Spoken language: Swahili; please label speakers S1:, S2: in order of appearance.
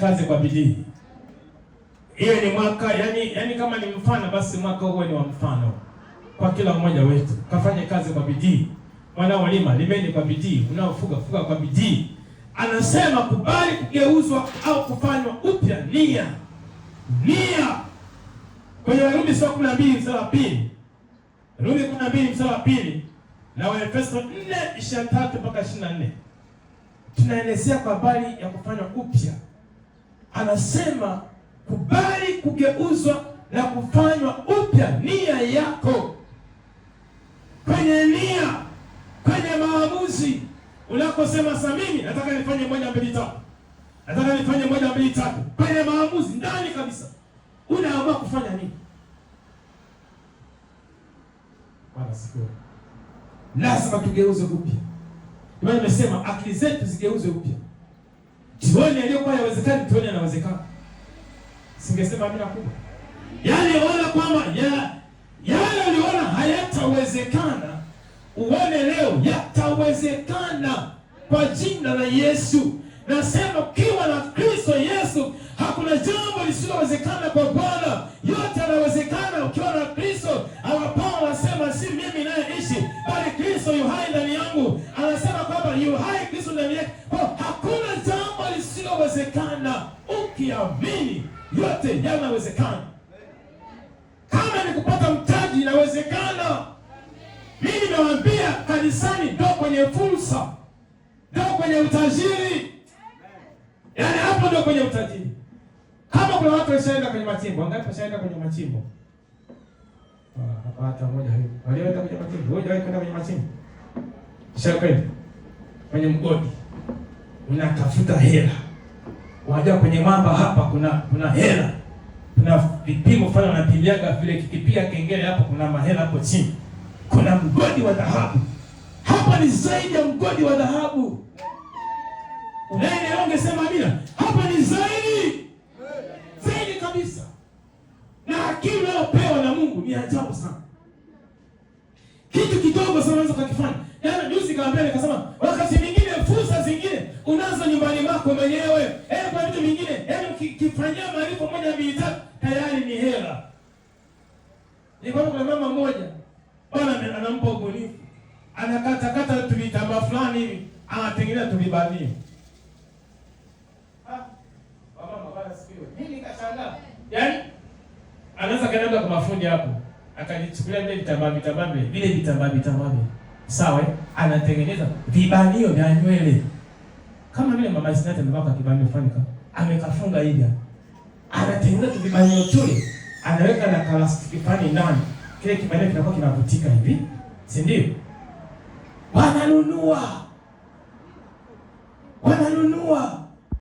S1: kazi kwa bidii. Hiyo ni mwaka yani, yani kama ni mfano basi mwaka huo ni wa mfano kwa kila mmoja wetu. Kafanye kazi kwa bidii, wanaolima limeni kwa bidii, unaofuga fuga kwa bidii. Anasema kubali kugeuzwa au kufanywa upya nia, nia kwenye Warumi sura kumi na mbili mstari wa pili Warumi kumi na mbili mstari wa pili na Waefeso nne ishirini na tatu mpaka ishirini na nne tunaelezea kwa habari ya kufanywa upya anasema kubali kugeuzwa na kufanywa upya nia yako, kwenye nia, kwenye maamuzi unakosema sasa, mimi nataka nifanye moja mbili tatu, nataka nifanye moja mbili tatu, kwenye maamuzi ndani kabisa unaamua kufanya nini? Bwana lazima tugeuze upya. Ndio imesema akili zetu zigeuze upya. Tuone aliyokuwa yawezekana, tuone yanawezekana. Singesema amina kubwa. Yale yaani unaona kwamba ya yale uliona hayatawezekana, uone leo yatawezekana kwa jina la Yesu. Nasema ukiwa na Kristo Yesu hakuna jambo lisilowezekana kwa Bwana. ukiamini yote yanawezekana. Kama ni kupata mtaji inawezekana. Mimi nawaambia kanisani ndo kwenye fursa, ndo kwenye utajiri, yaani hapo ndo kwenye utajiri. Kama kuna watu washaenda kwenye machimbo, angapi washaenda kwenye machimbo? Ah, hata mmoja Walioenda kwenye machimbo, wewe ndio kwenda kwenye machimbo? Ushakwenda kwenye mgodi, unatafuta hela Unajua kwenye mwamba hapa kuna kuna hela, kuna vipimo fulani wanapimiaga vile, kikipiga kengele hapo kuna mahela hapo chini, kuna mgodi wa dhahabu hapa. Ni zaidi ya mgodi wa dhahabu ungesema bila Hapa ni zaidi zaidi kabisa, na akili unayopewa na Mungu ni ajabu sana. Kitu kidogo sana unaweza kukifanya. Jana yaani juzi kaambia nikasema wakati fanyia malipo moja mbili tatu, tayari ni hela. Nilikuwa kuna mama mmoja bwana anampa ubunifu, anakatakata tulitamba fulani hivi, anatengeneza tulibanie ah, Yaani anaweza kaenda kwa mafundi hapo. Akajichukulia vile vitambaa vitambaa vile vitambaa vitambaa. Sawa, eh? anatengeneza vibanio vya nywele. Kama vile mama Sinata amevaa kibanio fulani amekafunga hivi anatengeneza kibanio chui, anaweka na plastiki fulani ndani, kile kibanio kinakuwa kinavutika hivi, si ndio? Wananunua, wananunua